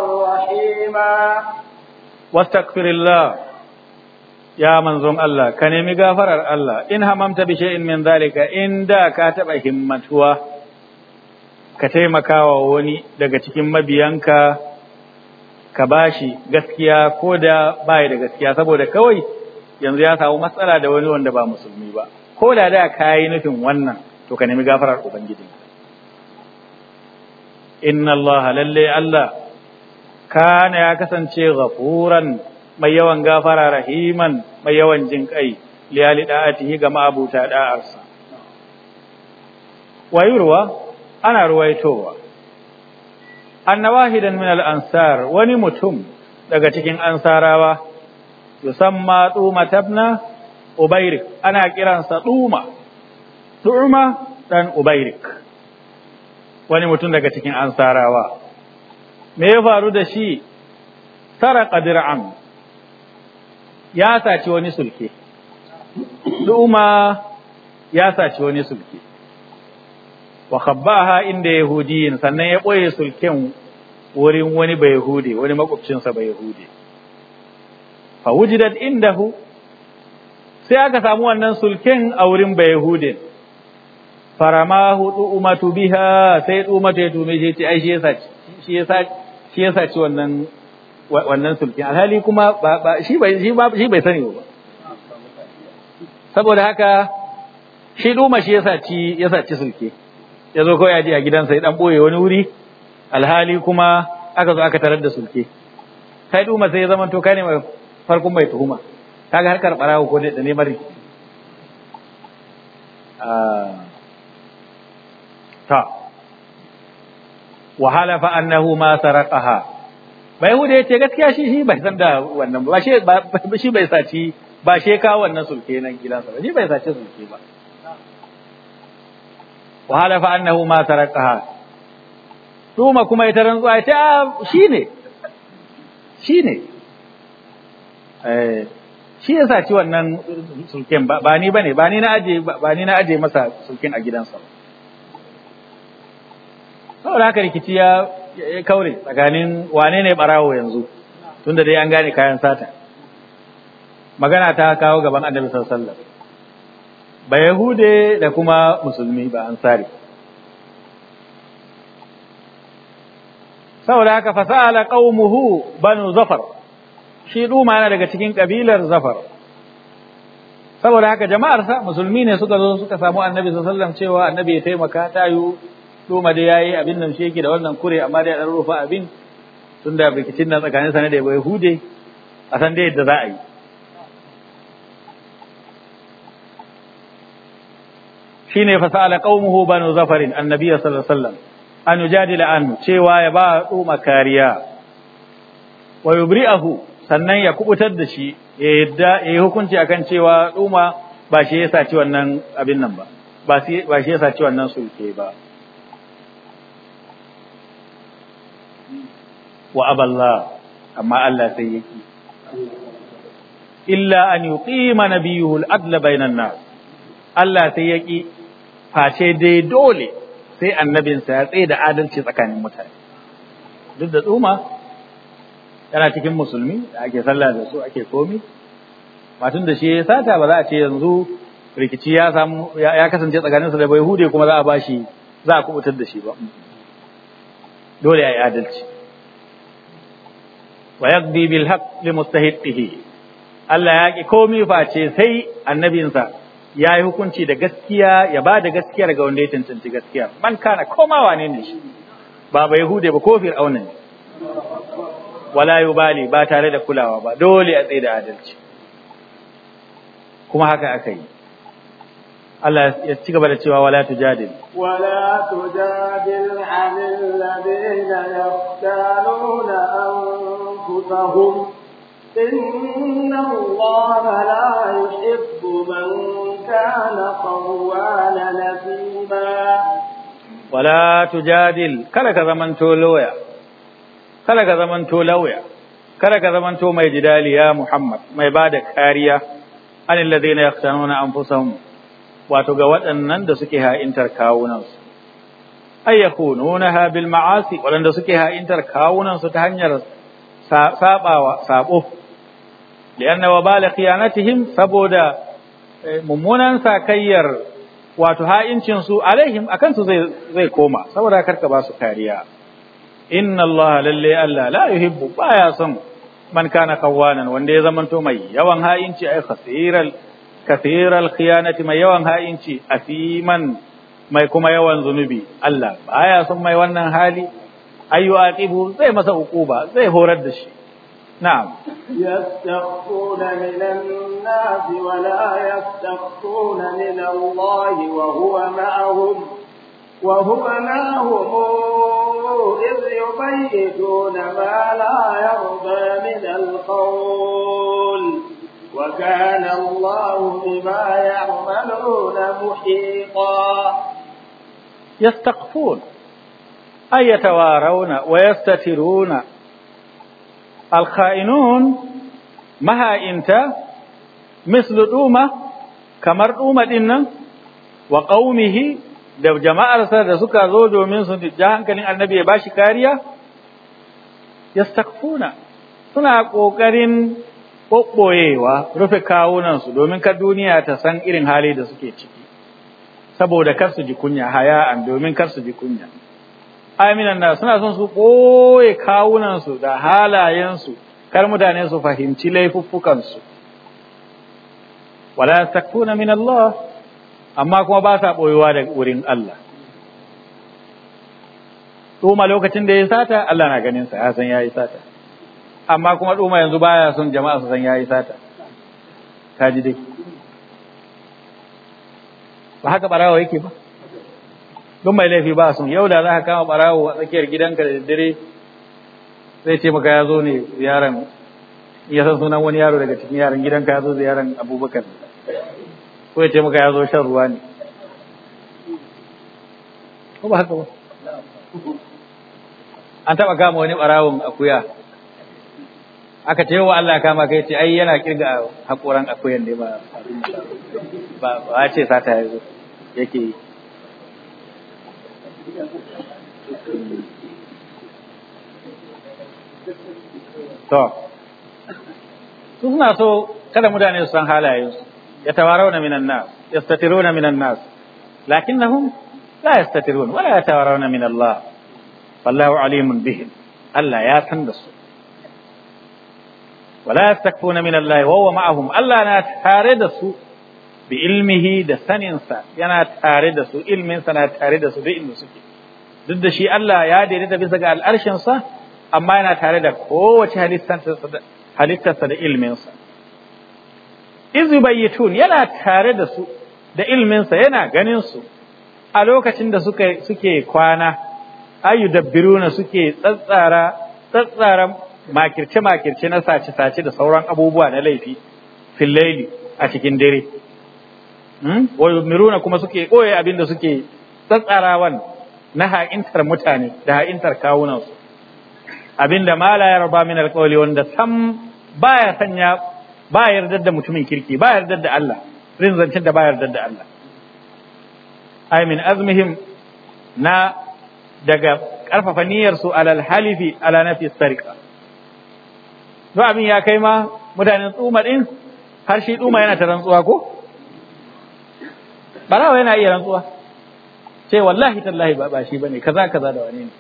ya manzon Allah ka nemi gafarar Allah in hamamta bi shay'in min zalika in da ka taɓa himmatuwa ka taimakawa wani daga cikin mabiyanka ka bashi gaskiya ko da bai da gaskiya saboda kawai yanzu ya samu matsala da wani wanda ba musulmi ba ko da da ka yi nufin wannan to ka nemi gafarar ubangiji inna Allah lalle Allah kana ya kasance ghafuran mai yawan gafara rahiman mai yawan jin kai liyali da'atihi ga ma'abuta da'arsa wayurwa ana ruwaitowa annawahidan min al-ansar wani mutum daga cikin ansarawa yusamma tuma tabna ubairik ana kiransa tuma tuma dan ubairik wani mutum daga cikin ansarawa me ya faru da shi sarqa dir'an ya saci wani sulke Luma ya saci wani sulke wa khabbaha inda yahudiyin sannan ya boye sulken wurin wani bai hude wani makwabcinsa bai hude fa wujidat indahu sai aka samu wannan sulken a wurin bai hude faramahu du'umatu biha sai du'umatu ya tumi shi ya ai shi ya saci wannan wannan sulki alhali kuma shi bai shi bai sani ba saboda haka shi duma shi yasa ci yasa ci sulke ya zo kawai ya a gidansa ya dan boye wani wuri alhali kuma aka zo aka tarar da sulke kai duma sai ya zama to kai ne mai farkon mai tuhuma kaga harkar barawo ko da ne mari ah. ta wahala fa annahu ma saraqaha ba yahuda ya ce gaskiya shi shi bai san da wannan ba shi shi bai saci ba she ka wannan sulke nan gidansa ba shi bai saci sulke ba wa halafa annahu ma tarakaha tuma kuma ita rantsuwa ita shi ne shi ne eh shi ya saci wannan sulken ba ni bane ba ni na aje ba ni na aje masa sulken a gidansa saboda haka rikici ya kaure tsakanin wane ne barawo yanzu tunda dai an gane kayan sata magana ta kawo gaban annabi sallallahu alaihi wasallam ba yahude da kuma musulmi ba ansari saboda haka fasala qaumuhu banu zafar shi duma yana daga cikin kabilar zafar saboda haka jama'arsa musulmi ne suka zo suka samu annabi sallallahu alaihi wasallam cewa annabi ya taimaka ta yi Suma dai yayi abin nan shi yake da wannan kure amma dai dan rufa abin tun da rikicin nan tsakanin sa ne da Yahude a san dai yadda za a yi shine fa sa'ala qaumuhu banu zafarin annabi sallallahu alaihi wasallam an yujadila an cewa ya ba tsoma kariya wa yubri'ahu sannan ya kubutar da shi ya yadda ya yi hukunci akan cewa duma ba shi ya saci wannan abin nan ba ba shi ya saci wannan sulke ba wa aballa amma Allah sai yake illa an yuqima nabiyuhu al-adla bainan nas Allah sai yake face dai dole sai annabinsa ya tsaye da adalci tsakanin mutane duk da tsuma tana cikin musulmi da ake sallah da su ake komi matun da shi ya sata ba za a ce yanzu rikici ya samu ya kasance tsakaninsa da bai hude kuma za a bashi za a kubutar da shi ba dole ya yi adalci wa yaqdi bil haqq li mustahiqihi Allah ya ki komi face sai annabinsa ya yi hukunci da gaskiya ya ba da gaskiyar ga wanda ya cancanci gaskiya man kana koma wane ne shi ba ba yahude ba ko fir'auna ne wala yubali ba tare da kulawa ba dole a tsaye da adalci kuma haka aka yi Allah ya ci gaba da cewa wala tujadil wala tujadil anil ladina yaftaluna أنفسهم إن الله لا يحب من كان قوانا نسيما ولا تجادل كلك زمن تولويا كلك زمن تولويا كلك زمن تو مي جدال يا محمد مي بعد كاريا عن الذين يختنون أنفسهم wato ga waɗannan da suke ha'intar kawunansu, ai ya kununa ha bil ma'asi waɗanda suke ha'intar kawunansu ta hanyar sabawa sabo lianna wabala khiyanatihim saboda eh, mummunan sakayyar wato ha'incin su alaihim akan su zai zai koma saboda karka ba su kariya inna Allah lalle allah la yuhibbu baya son man kana kawanan wanda ya zamanto mai yawan ha'inci ay khasiral kathiral khiyanati mai yawan ha'inci asiman mai kuma yawan zunubi allah baya son mai wannan hali ayyu زي zai masa زي zai horar da نعم يستخفون من الناس ولا يستخفون من الله وهو معهم وهو معهم إذ يبيتون ما لا يرضى من القول وكان الله بما يعملون محيطا يستخفون أن يتوارون ويستترون الخائنون مها إنت مثل دومة كمر دومة إن وقومه da jama'arsa da suka zo domin su ja hankalin annabi ya shi kariya yastakfuna suna ƙoƙarin ɓoɓɓoyewa rufe kawunansu domin ka duniya ta san irin halin da suke ciki saboda kar su ji kunya haya'an domin kar su ji kunya aminan na suna son su ɓoye kawunansu da halayensu kar mutane su fahimci laifuffukansu wala takuna min Allah amma kuma ba sa ɓoyewa da wurin Allah Ɗuma lokacin da ya sata Allah na ganin sa ya san ya yi sata amma kuma ɗuma yanzu baya son jama'a su san ya yi sata ka ji dai ba haka ɓarawa yake ba duk mai laifi ba sun yau da za ka kama barawo a tsakiyar gidanka da daddare zai ce maka ya zo ne ziyaran ya san sunan wani yaro daga cikin yaran gidanka ya zo ziyaran abubakar ko ya ce maka ya zo shan ruwa ne ko ba haka ba an taɓa kama wani barawon akuya aka ce wa Allah kama kai ce ai yana kirga haƙoran akuyan ne ba ba ce sata ya zo yake yi to su suna so kada mutane su san halayensu ya tawarau na minan nas ya statiru na minan nas lakin na hun la ya statirun wala ya tawarau na minan Allah wallahu alimun bihim Allah ya san da su wala ya stakfu na minan Allah wa ma'ahum Allah na tare da su bi ilmihi da saninsa yana tare da su ilminsa na tare da su duk inda suke duk da shi Allah ya daidaita bisa ga al'arshinsa amma yana tare da kowace halittarsa da ilminsa izu bayyitun yana tare da su da ilminsa yana ganin su a lokacin da suke suke kwana ayu dabbiruna suke tsatsara tsatsara makirce makirce na sace sace da sauran abubuwa na laifi fil a cikin dare Hmm? wa kuma suke koye abin da suke tsatsarawan na ha'intar mutane da ha'intar kawunansu abin da ma la yarba min alqawli wanda sam baya sanya ba yarda da mutumin kirki ba yarda da Allah rin zancen da ba yarda da Allah ay min azmihim na daga karfafa niyyar su alal halifi ala nafi sarika to abin ya kai ma mutanen tsuma din har shi tsuma yana ta rantsuwa ko barawa yana iya rantsuwa ce wallahi tallahi ba ba shi bane kaza kaza da wani ne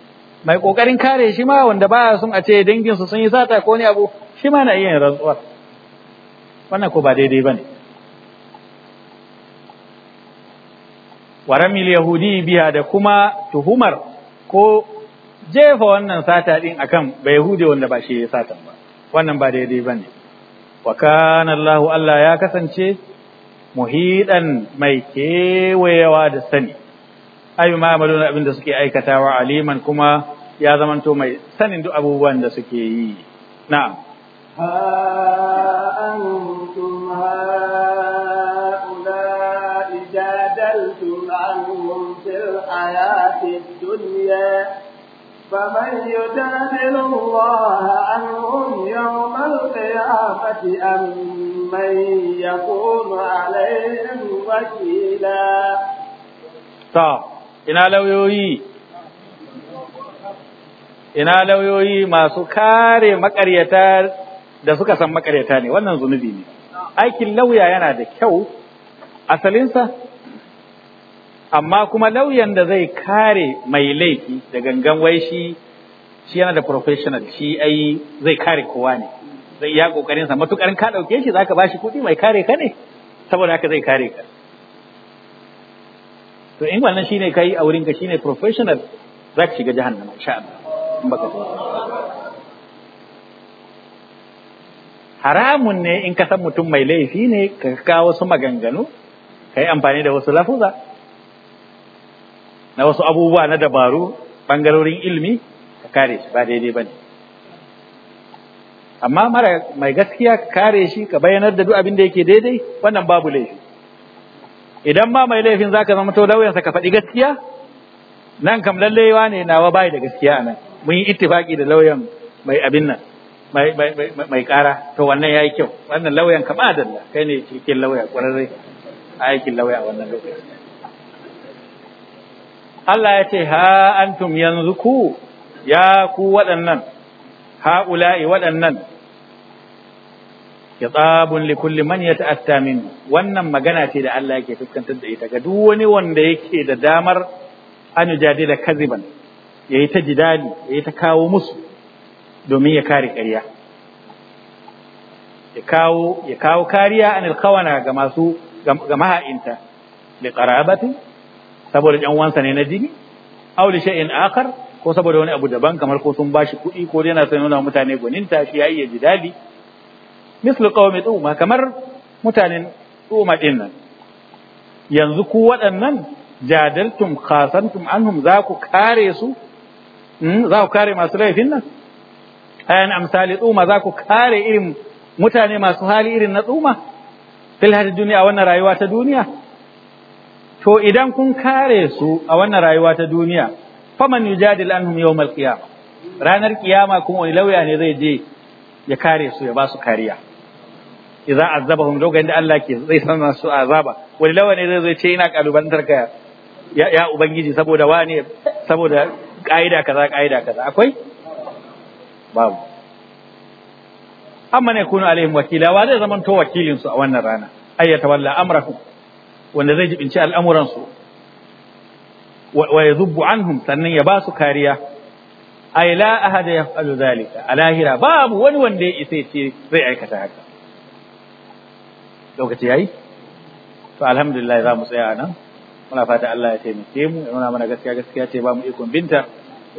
mai kokarin kare shi ma wanda baya son a ce dangin su sun yi sata ko ne abu shi ma na iya rantsuwa wannan ko ba daidai bane waramil yahudi biya da kuma tuhumar ko jefa wannan sata din akan ba yahudi wanda ba shi ya sata ba wannan ba daidai bane wa kana Allah Allah ya kasance muhidan mai kewayewa da sani ai ma amaluna suke aikatawa a liman kuma ya zamanto mai sanin duk abubuwan da suke yi na'am ha antum haula ijadaltum anhum fil hayati dunya فمن يجادل الله عنهم يوم القيامة أم من يقوم عليهم وكيلا طب ina lauyoyi ina lauyoyi masu kare makaryata da suka san makaryata ne wannan zunubi ne aikin lauya yana da kyau asalinsa amma kuma lauyan da zai kare mai laifi da gangan wai shi shi yana da professional shi ai zai kare kowa ne zai iya kokarin sa matukar ka dauke shi zaka bashi kuɗi mai kare ka ne saboda haka zai kare ka to in wannan shine kai a wurin ka shine professional zaka shiga jahannama insha Allah in baka haramun ne in ka san mutum mai laifi ne ka kawo wasu maganganu ka yi amfani da wasu lafuza na wasu abubuwa na dabaru bangarorin ilmi ka kare shi ba daidai bane amma mara mai gaskiya ka kare shi ka bayanar da duk abin da yake daidai wannan babu laifi idan ma mai laifin zaka zama to lauyansa ka faɗi gaskiya nan kam lallaiwa ne nawa bai da gaskiya nan mun yi ittifaki da lauyan mai abin nan mai mai mai kara to wannan yayi kyau wannan lauyan ka ba dalla kai ne cikin lauya kwararre aikin lauya a wannan lokaci Allah ya ce ha antum yanzu ku ya ku waɗannan ha'ula'i waɗannan kitabun li kulli man yata'atta min wannan magana ce da Allah yake fuskantar da ita ga duk wani wanda yake da damar an da kaziban yayi ta jidali yayi ta kawo musu domin ya kare ƙarya ya kawo ya kawo kariya an alkawana ga masu ga maha'inta li qarabati saboda ɗan wansa ne na dini aw li shay'in akhar ko saboda wani abu daban kamar ko sun bashi kuɗi ko yana son nuna mutane gwaninta shi ya iya jidali mislu qaumi tsuma kamar mutanen tsuma din yanzu ku waɗannan jadaltum khasantum anhum za ku kare su hmm, za ku kare masu laifin nan ayan amsali tsuma za ku kare irin mutane masu hali irin na tsuma fil hadi duniya wannan rayuwa ta duniya to idan kun kare su a wannan rayuwa ta duniya faman yujadil anhum yawmal qiyamah ranar kiyama kuma wani lauya ne zai je ya kare su ya basu kariya idza azabahum lokacin da Allah ke zai sanar su azaba wani lawa ne zai ce ina kalubantar ka ya, ya ubangiji saboda wane saboda kaida kaza kaida kaza akwai babu amma ne kunu alaihim wakila wa zai zamanto wakilin su a wannan rana ayyata walla amrakum wanda zai jibinci al'amuran su wa yadhubbu anhum sannan ya basu kariya ay la ahada yaf'alu dhalika alahira babu wani wanda ya isa ce zai aikata haka lokaci yayi to alhamdulillah za mu tsaya nan muna fata Allah ya taimake mu ya nuna mana gaskiya gaskiya ce ba mu ikon binta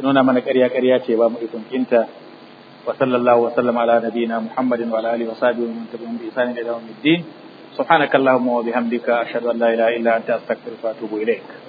ya nuna mana ƙarya ƙarya ce ba mu ikon kinta wa sallallahu wa sallama ala nabiyyina muhammadin wa ala alihi wa sahbihi wa man tabi'ahum bi ihsan ila yawmiddin subhanakallahumma wa bihamdika ashhadu an la ilaha illa anta astaghfiruka wa atubu ilaik